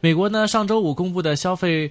美國呢，上週五公布的消費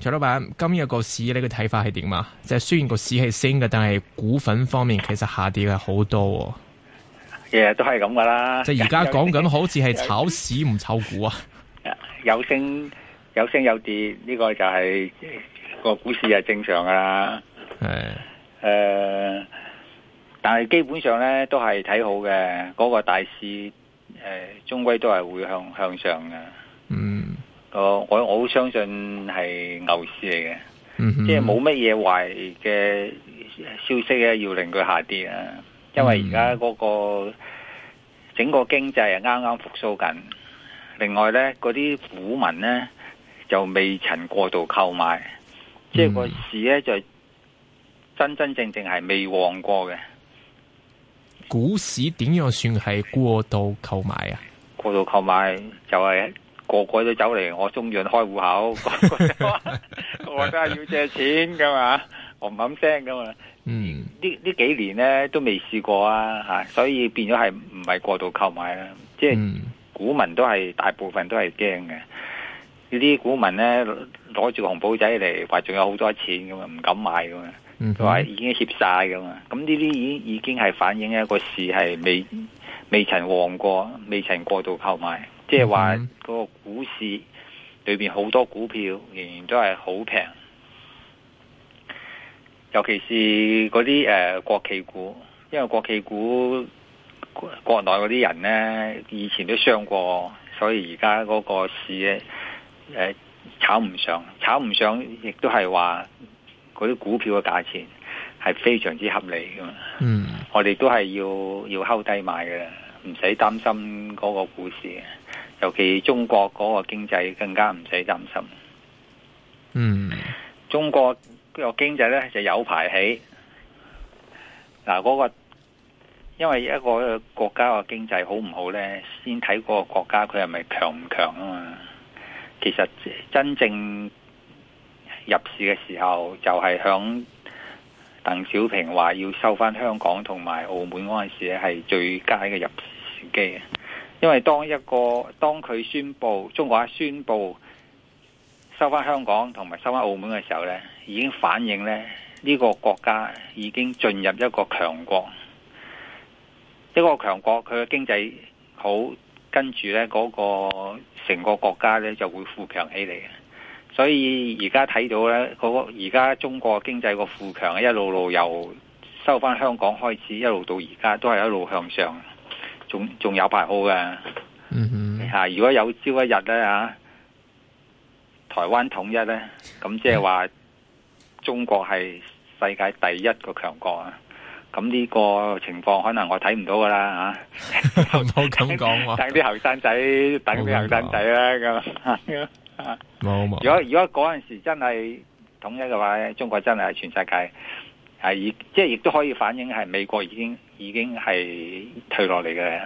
徐老闆，今日個市你嘅睇法係點呀？即係雖然個市係升嘅，但係股份方面其實下跌係好多、啊。誒，都係咁噶啦。即係而家講緊好似係炒市唔炒股啊？ 有升有升有跌，呢個就係個股市係正常噶啦。係誒是、呃，但係基本上咧都係睇好嘅，嗰個大市誒終歸都係會向向上嘅。嗯。我我我好相信係牛市嚟嘅，嗯、哼即係冇乜嘢壞嘅消息咧，要令佢下跌啦。嗯、因為而家嗰個整個經濟啊，啱啱復蘇緊。另外咧，嗰啲股民咧就未曾過度購買，即係個市咧、嗯、就真真正正係未旺過嘅。股市點樣算係過度購買啊？過度購買就係、是。個個都走嚟我中央開戶口，個個都 我真係要借錢噶嘛，我唔敢聲噶嘛。嗯，呢呢幾年咧都未試過啊，吓、啊，所以變咗係唔係過度購買啦。即係股、嗯、民都係大部分都係驚嘅，呢啲股民咧攞住紅簿仔嚟，話仲有好多錢㗎嘛，唔敢買噶嘛，佢話、嗯、哼已經蝕晒噶嘛。咁呢啲已已經係反映一個事，係未未曾旺過，未曾過度購買。即係話嗰個股市裏邊好多股票仍然都係好平，尤其是嗰啲誒國企股，因為國企股國內嗰啲人呢，以前都傷過，所以而家嗰個市誒、呃、炒唔上，炒唔上亦都係話嗰啲股票嘅價錢係非常之合理噶嘛。嗯我們，我哋都係要要睺低買噶，唔使擔心嗰個股市。尤其中國嗰個經濟更加唔使擔心。嗯，中國個經濟咧就有排起。嗱、那個，嗰個因為一個國家個經濟好唔好咧，先睇嗰個國家佢係咪強唔強啊嘛。其實真正入市嘅時候，就係響鄧小平話要收翻香港同埋澳門嗰陣時咧，係最佳嘅入市機。因為當一個當佢宣布中國一宣布收翻香港同埋收翻澳門嘅時候呢，已經反映咧呢個國家已經進入一個強國。一個強國，佢嘅經濟好，跟住呢嗰個成個國家呢就會富強起嚟。所以而家睇到呢，嗰而家中國經濟個富強一路路由收翻香港開始，一路到而家都係一路向上。仲仲有排好嘅，吓、嗯哼！如果有朝一日咧，台灣統一咧，咁即係話中國係世界第一個強國啊！咁呢個情況可能我睇唔到噶啦啊！冇講、嗯、哼 等啲後生仔，等啲後生仔啦咁。冇冇。 如果如果嗰陣時真係統一嘅話，中國真係係全世界。係即係亦都可以反映係美國已經已經係退落嚟嘅，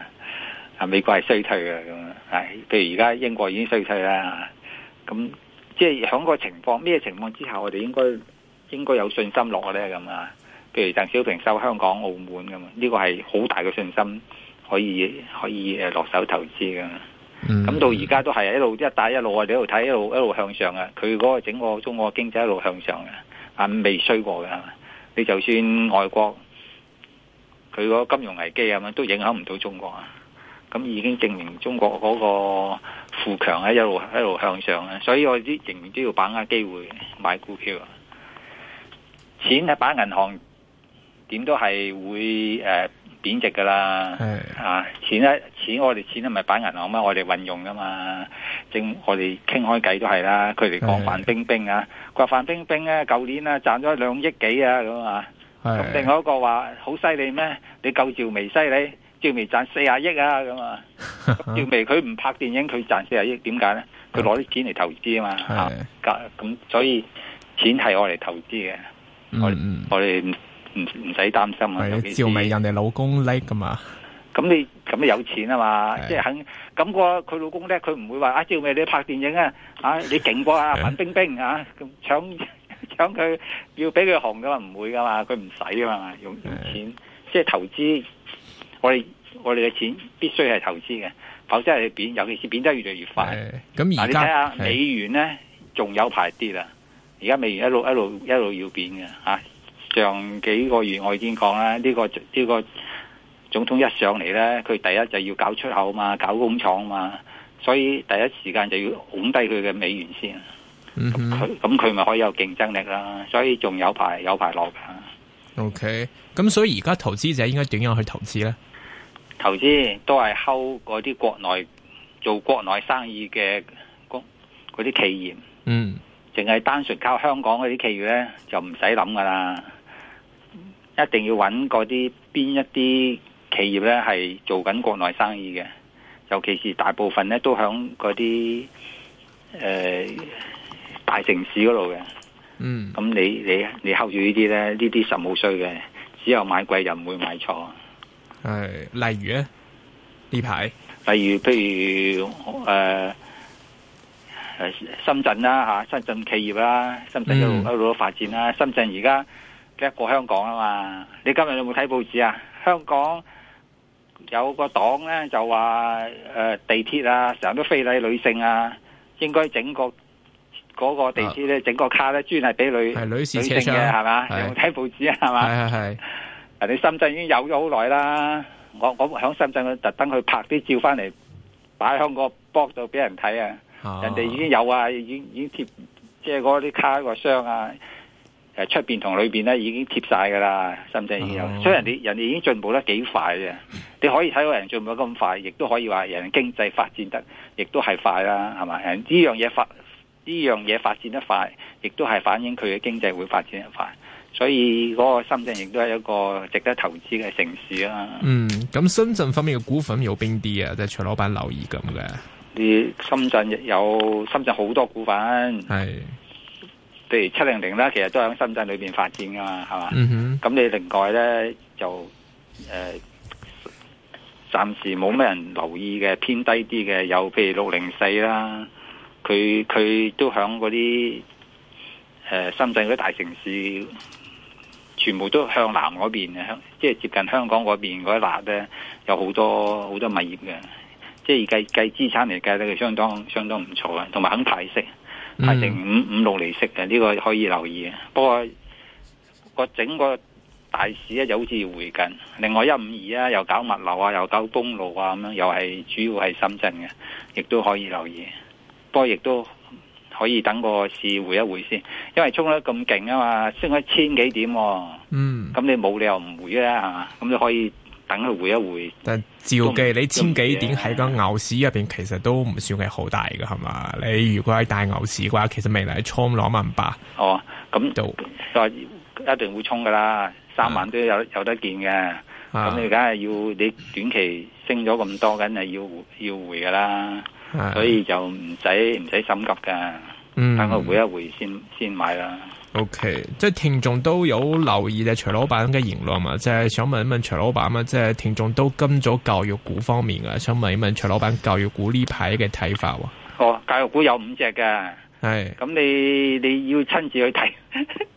啊美國係衰退嘅，咁，係譬如而家英國已經衰退啦，咁即係響個情況咩情況之下我哋應該應該有信心落咧咁啊？譬如鄧小平收香港澳門咁啊，呢個係好大嘅信心可以可以誒落手投資噶，咁、mm. 到而家都係一路一帶一路我哋一路睇一路一路向上嘅，佢嗰個整個中國經濟一路向上嘅，啊未衰過嘅。你就算外國佢個金融危機咁樣都影響唔到中國啊！咁已經證明中國嗰個富強係一路一路向上啊！所以我哋啲仍然都要把握機會買股票啊！錢係擺銀行點都係會誒，呃貶值噶啦，啊，錢咧，錢我哋錢係咪擺銀行咩？我哋運用噶嘛，正我哋傾開偈都係啦。佢哋講范冰冰啊，佢話范冰冰咧，舊年啊賺咗兩億幾啊咁啊。咁另外一個話好犀利咩？你夠趙薇犀利，趙薇賺四啊億啊咁啊。趙薇佢唔拍電影，佢賺四啊億，點解咧？佢攞啲錢嚟投資啊嘛。吓，咁所以錢係我嚟投資嘅。嗯嗯，我哋。唔唔使擔心啊！趙薇人哋老公叻噶嘛，咁你咁你有錢啊嘛，即係肯咁個佢老公叻，佢唔會話啊趙薇你拍電影啊，啊你勁過啊范冰冰啊，咁搶搶佢要俾佢紅噶嘛，唔會噶嘛，佢唔使啊嘛，用，用錢即係投資，我哋我哋嘅錢必須係投資嘅，否則係貶，尤其是貶得越嚟越快。咁而家美元咧仲有排跌啦，而家美元一路一路一路要貶嘅吓。啊上幾個月我已經講啦，呢個呢個總統一上嚟呢，佢第一就要搞出口嘛，搞工廠嘛，所以第一時間就要拱低佢嘅美元先。嗯，咁佢咪可以有競爭力啦，所以仲有排有排落㗎。O K，咁所以而家投資者應該點樣去投資呢？投資都係溝嗰啲國內做國內生意嘅嗰啲企業。嗯，淨係單純靠香港嗰啲企業呢，就唔使諗噶啦。一定要揾嗰啲邊一啲企業咧，係做緊國內生意嘅，尤其是大部分咧都響嗰啲誒大城市嗰度嘅。嗯，咁你你你 hold 住呢啲咧？呢啲實冇衰嘅，只有買貴又唔會買錯。誒、哎，例如咧呢排，例如譬如誒誒、呃、深圳啦、啊、吓，深圳企業啦、啊，深圳一路一路發展啦、啊，嗯、深圳而家。一係過香港啊嘛！你今日有冇睇報紙啊？香港有個黨咧就話誒、呃、地鐵啊，成日都非禮女性啊，應該整個個地鐵咧，啊、整個卡咧專係俾女係女士嘅係嘛？是有冇睇報紙啊？係嘛是？係係吧，人哋深圳已經有咗好耐啦。我我響深圳特登去拍啲照翻嚟擺響個 blog 度俾人睇啊！啊人哋已經有啊，已經已貼即係嗰啲卡、個箱啊。誒，出邊同裏邊咧已經貼晒噶啦，深圳已有，oh. 所以人哋人哋已經進步得幾快嘅。你可以睇到人進步得咁快，亦都可以話人經濟發展得亦都係快啦，係嘛？人呢樣嘢發呢樣嘢發展得快，亦都係反映佢嘅經濟會發展得快。所以嗰個深圳亦都係一個值得投資嘅城市啦。嗯，咁深圳方面嘅股份有邊啲啊？即係徐老闆留意咁嘅，你深圳有深圳好多股份係。譬如七零零啦，其實都喺深圳裏邊發展噶嘛，係嘛？咁、嗯、哼你另外咧就誒、呃，暫時冇咩人留意嘅，偏低啲嘅有譬如六零四啦，佢佢都響嗰啲誒深圳嗰啲大城市，全部都向南嗰邊，香即係接近香港嗰邊嗰一笪咧，有好多好多物業嘅，即係計計資產嚟計咧，佢相當相當唔錯嘅，同埋肯派息。係定、嗯、五五六厘息嘅呢個可以留意，不過個整個大市咧就好似要回緊，另外一五二啊又搞物流啊又搞公路啊咁樣，又係主要係深圳嘅，亦都可以留意，不過亦都可以等個市回一回先，因為衝得咁勁啊嘛，升咗千幾點、啊，嗯，咁你冇理由唔回啊，嘛，咁你可以。等佢回一回，但照計記不你千幾點喺個牛市入邊，其實都唔算係好大嘅，係嘛？你如果喺大牛市嘅話，其實未來衝兩萬八，哦，咁就都一定會衝噶啦，三萬都有、啊、有得見嘅，咁你梗係要你短期升咗咁多，梗係要要回噶啦，啊、所以就唔使唔使心急噶，嗯、等佢回一回先先買啦。O.K.，即係聽眾都有留意嘅徐老闆嘅言論嘛，即係想問一問徐老闆嘛，即係聽眾都跟咗教育股方面嘅啊，想問一問徐老闆教育股呢排嘅睇法。哦，教育股有五隻㗎，係是，咁你你要親自去睇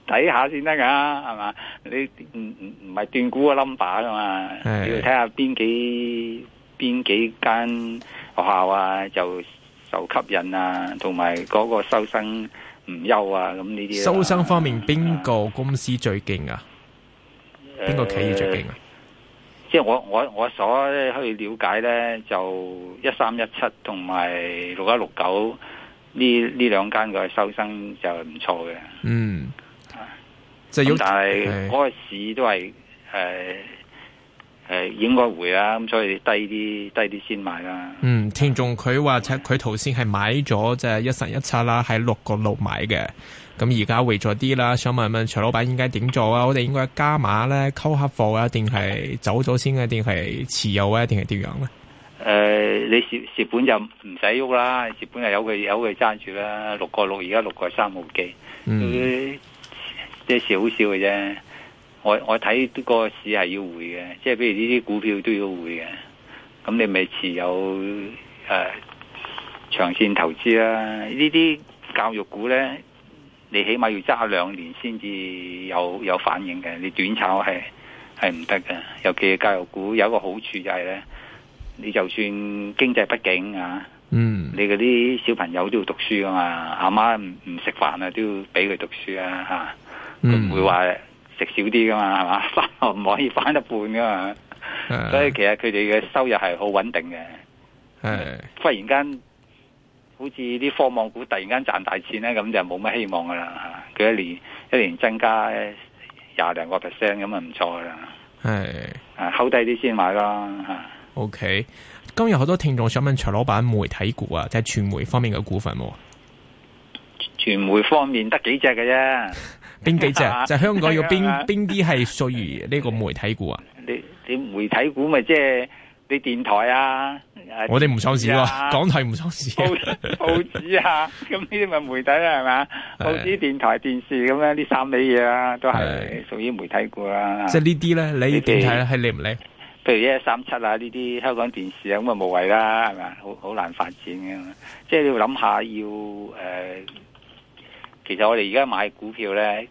睇下先得噶，係嘛？是你唔唔唔係斷股個 number 噶嘛？要睇下邊幾邊幾間學校啊，就受吸引啊，同埋嗰個收生。唔憂啊！咁呢啲收生方面邊個公司最勁啊？邊個企業最勁啊？即係我我我所咧去了解咧，就一三一七同埋六一六九呢呢兩間個收生就唔錯嘅。嗯，即係但係嗰個市都係誒。誒，應該回啊，咁所以低啲低啲先買啦。嗯，聽眾佢話，佢頭先係買咗隻一神一策啦，係六個六買嘅。咁而家回咗啲啦，想問問問徐老闆，應該點做啊？我哋應該加碼咧，溝下貨啊，定係走咗先啊，定係持有啊，定係點樣咧？誒，你蝕蝕本就唔使喐啦，蝕本又有佢有佢爭住啦，六個六而家六個三毫幾，嗯，即係少少嘅啫。我我睇個市係要回嘅，即係譬如呢啲股票都要回嘅。咁你咪持有誒、呃、長線投資啦、啊。呢啲教育股咧，你起碼要揸兩年先至有有反應嘅。你短炒係係唔得嘅。尤其係教育股有一個好處就係、是、咧，你就算經濟不景啊，嗯，你嗰啲小朋友都要讀書啊嘛，阿媽唔唔食飯啊都要俾佢讀書啊嚇，佢唔會話。食少啲噶嘛，係嘛翻唔可以翻一半噶嘛，所以 Yeah. 其實佢哋嘅收入係好穩定嘅。誒，Yeah. 忽然間好似啲科網股突然間賺大錢咧，咁就冇乜希望噶啦嚇。佢一年一年增加廿零個 percent 咁啊，唔錯噶啦。係啊 Yeah.，候低啲先買咯嚇。OK，今日好多聽眾想問徐老闆媒體股啊，即係傳媒方面嘅股份冇啊？傳媒方面得幾隻嘅啫。邊幾隻？就係、香港有邊邊啲係屬於呢個媒體股啊？ 你你媒體股咪即係你電台啊？我哋唔上市喎，啊、港台唔上市。報紙啊，咁呢啲咪媒體啦，係咪？是報紙、電台、電視咁樣呢三味嘢啊，都係屬於媒體股啦。即係是是呢啲咧，你電台係靚唔靚？譬如一一三七啊，呢啲香港電視啊，咁啊無謂啦，係咪？好好難發展嘅，即係、就是、要諗下要誒、呃，其實我哋而家買股票咧。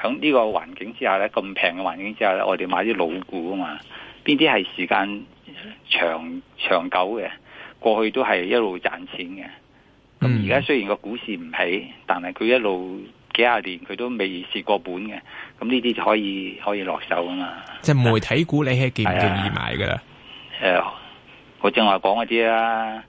喺呢個環境之下咧，咁平嘅環境之下咧，我哋買啲老股啊嘛，邊啲係時間長長久嘅，過去都係一路賺錢嘅。咁而家雖然個股市唔起，但係佢一路幾廿年佢都未蝕過本嘅。咁呢啲就可以可以落手啊嘛。即係媒體股你是，你係建唔建議買噶誒、呃，我正話講嗰啲啦，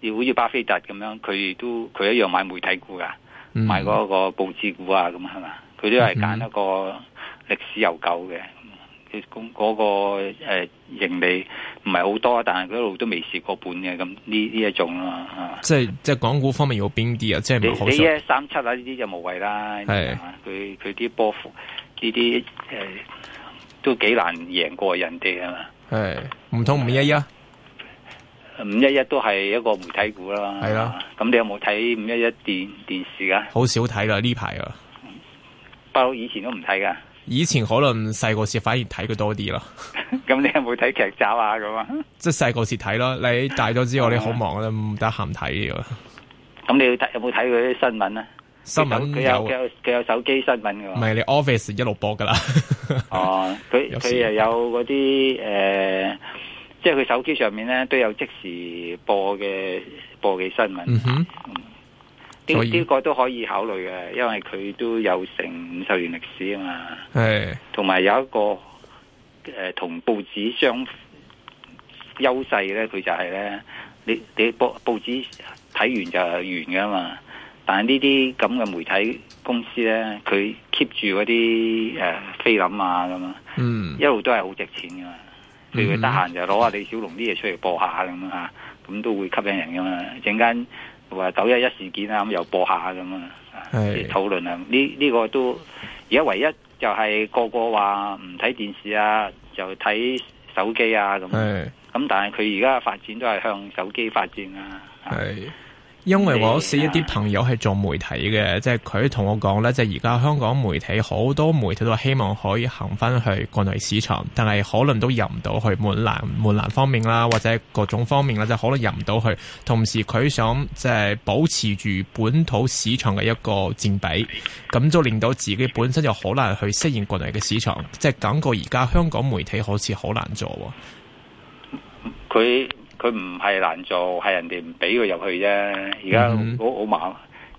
要好似巴菲特咁樣，佢都佢一樣買媒體股噶，嗯、買嗰個報紙股啊，咁係嘛？佢都係揀一個歷史悠久嘅，佢、那、嗰個盈利唔係好多，但係佢一路都未蝕過半嘅。咁呢呢一種啦、嗯、即係即係港股方面有邊啲啊？即、就、係、是、你你一三七啊呢啲就無謂啦，係佢佢啲波幅呢啲、呃、都幾難贏過人哋啊嘛！係唔通五一一，五一一都係一個媒體股啦。係啦、啊，咁你有冇睇五一一電電視啊？好少睇啦，呢排啊！包以前都唔睇噶，以前可能細個時反而睇佢多啲咯。咁 你有冇睇劇集啊？咁啊，即係細個時睇咯。你大咗之後你，你好忙啦，唔得閒睇嘅。咁你有冇睇佢啲新聞啊？新聞佢有佢有佢有手機新聞嘅。唔係你 Office 一路播噶啦。哦，佢佢又有嗰啲誒，即係佢手機上面咧都有即時播嘅播嘅新聞。嗯呢個都可以考慮嘅，因為佢都有成五十年歷史啊嘛。係，同埋有一個誒同、呃、報紙相優勢咧，佢就係咧，你你報報紙睇完就完嘅嘛。但係呢啲咁嘅媒體公司咧，佢 keep 住嗰啲誒菲林啊咁啊，嗯、一路都係好值錢嘅嘛。譬如佢得閒就攞下李小龍啲嘢出嚟播一下咁啊，咁都會吸引人嘅嘛。陣間。話九一一事件啊咁又播一下咁啊，啲討論啊，呢呢是、呢個都而家唯一就係個個話唔睇電視啊，就睇手機啊咁，咁是但係佢而家嘅發展都係向手機發展啊。因為我識一啲朋友係做媒體嘅，即係佢同我講呢，即係而家香港媒體好多媒體都希望可以行翻去國內市場，但係可能都入唔到去，門檻門檻方面啦，或者各種方面啦，即係可能入唔到去。同時佢想即係保持住本土市場嘅一個佔比，咁就令到自己本身就好難去適應國內嘅市場。即係感覺而家香港媒體好似好難做喎，佢。佢唔係難做，係人哋唔俾佢入去啫。而家好好麻煩，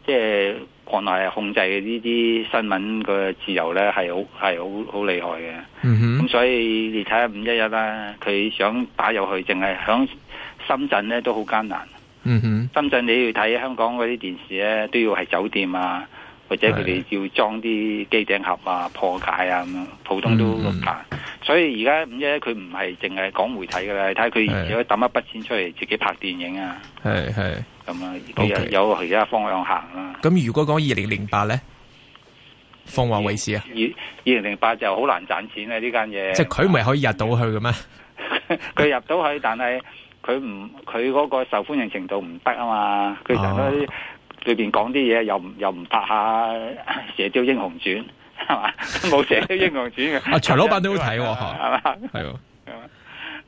即係國內控制嘅呢啲新聞嘅自由咧，係好係好好厲害嘅。咁、mm hmm. 嗯、所以你睇下五一一啦，佢想打入去，淨係響深圳咧都好艱難。Mm hmm. 深圳你要睇香港嗰啲電視咧，都要係酒店啊，或者佢哋要裝啲機頂盒啊、破解啊咁樣，普通都難。Mm hmm. 所以而家五一佢唔係淨係講媒體噶啦，睇佢而家抌一筆錢出嚟自己拍電影啊，係係咁啊，佢有其他方向行啦。咁、okay. 如果講二零零八咧，鳳凰衛視啊，二二零零八就好難賺錢啊呢間嘢。即係佢唔係可以入到去嘅咩？佢 入到去，但係佢唔佢嗰個受歡迎程度唔得啊嘛。佢成日都裏邊講啲嘢，又唔又唔拍下《射雕英雄傳》。係嘛，冇成啲英雄主義。 啊，徐老闆都好睇，係嘛，係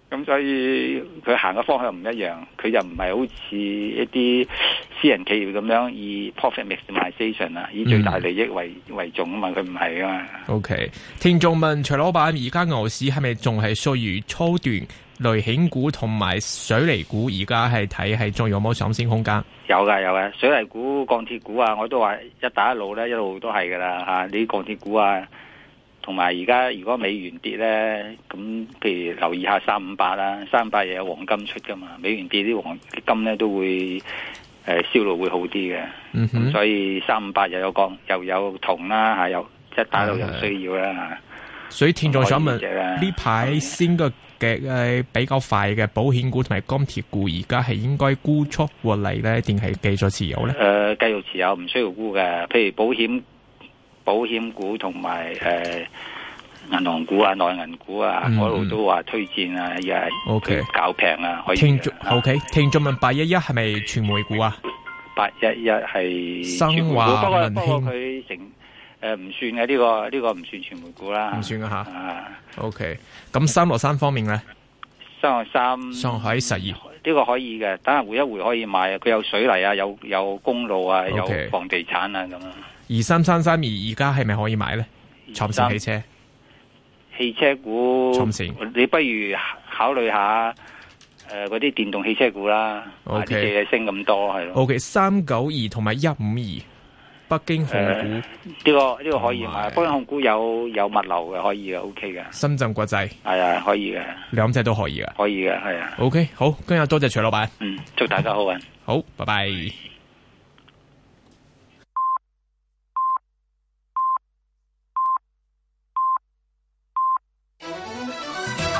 咁所以佢行嘅方向唔一樣，佢又唔係好似一啲私人企業咁樣以 profit maximization 啊，以最大利益為、嗯、為重啊嘛，佢唔係啊嘛。O、okay. K，聽眾問徐老闆，而家牛市係咪仲係屬於初段？類型股同埋水泥股，而家係睇，係仲有冇上升空間？有噶，有嘅，水泥股、鋼鐵股啊，我都話一帶一路咧，一路都係噶啦吓。你鋼鐵股啊，同埋而家如果美元跌咧，咁譬如留意一下三五八啦，三五八又有黃金出噶嘛？美元跌啲黃金咧都會誒銷、呃、路會好啲嘅。咁、mm hmm. 所以三五八又有降，又有銅啦，吓、啊、有一帶一路又需要啦。Yeah. 所以聽眾想問，呢排先個嘅誒比較快嘅保險股同埋鋼鐵股，而家係應該沽出獲利咧，定係繼續持有咧？誒、呃，繼續持有唔需要沽嘅，譬如保險保險股同埋誒銀行股啊、內銀股啊，嗯、我度都話推薦啊，又係 OK 搞平啊，可以。聽眾著 OK，啊、聽眾問八一一係咪傳媒股啊？八一一係新華文軒。誒，唔、呃、算嘅呢，這個呢，這個唔算傳媒股啦。唔算嘅吓。是啊，OK。咁三六三方面咧，三六三上海實業。呢個可以嘅，等下會一會可以買。佢有水泥啊，有有公路啊，有房地產啊咁。二 Okay, 樣三三三二而家係咪可以買咧？二三長城汽車，汽車股。二三長城，你不如考慮一下誒嗰啲電動汽車股啦。O K，升咁多係咯。O K，三九二同埋一五二。Okay, 北京控股，呢、呃這個呢、這個可以嘛？是北京控股有有物流嘅，可以嘅，O K 嘅。OK、深圳國際係啊，可以嘅，兩隻都可以嘅。可以嘅，係啊。O、okay, K，好，今日多謝徐老闆。嗯，祝大家好運。 好，拜拜。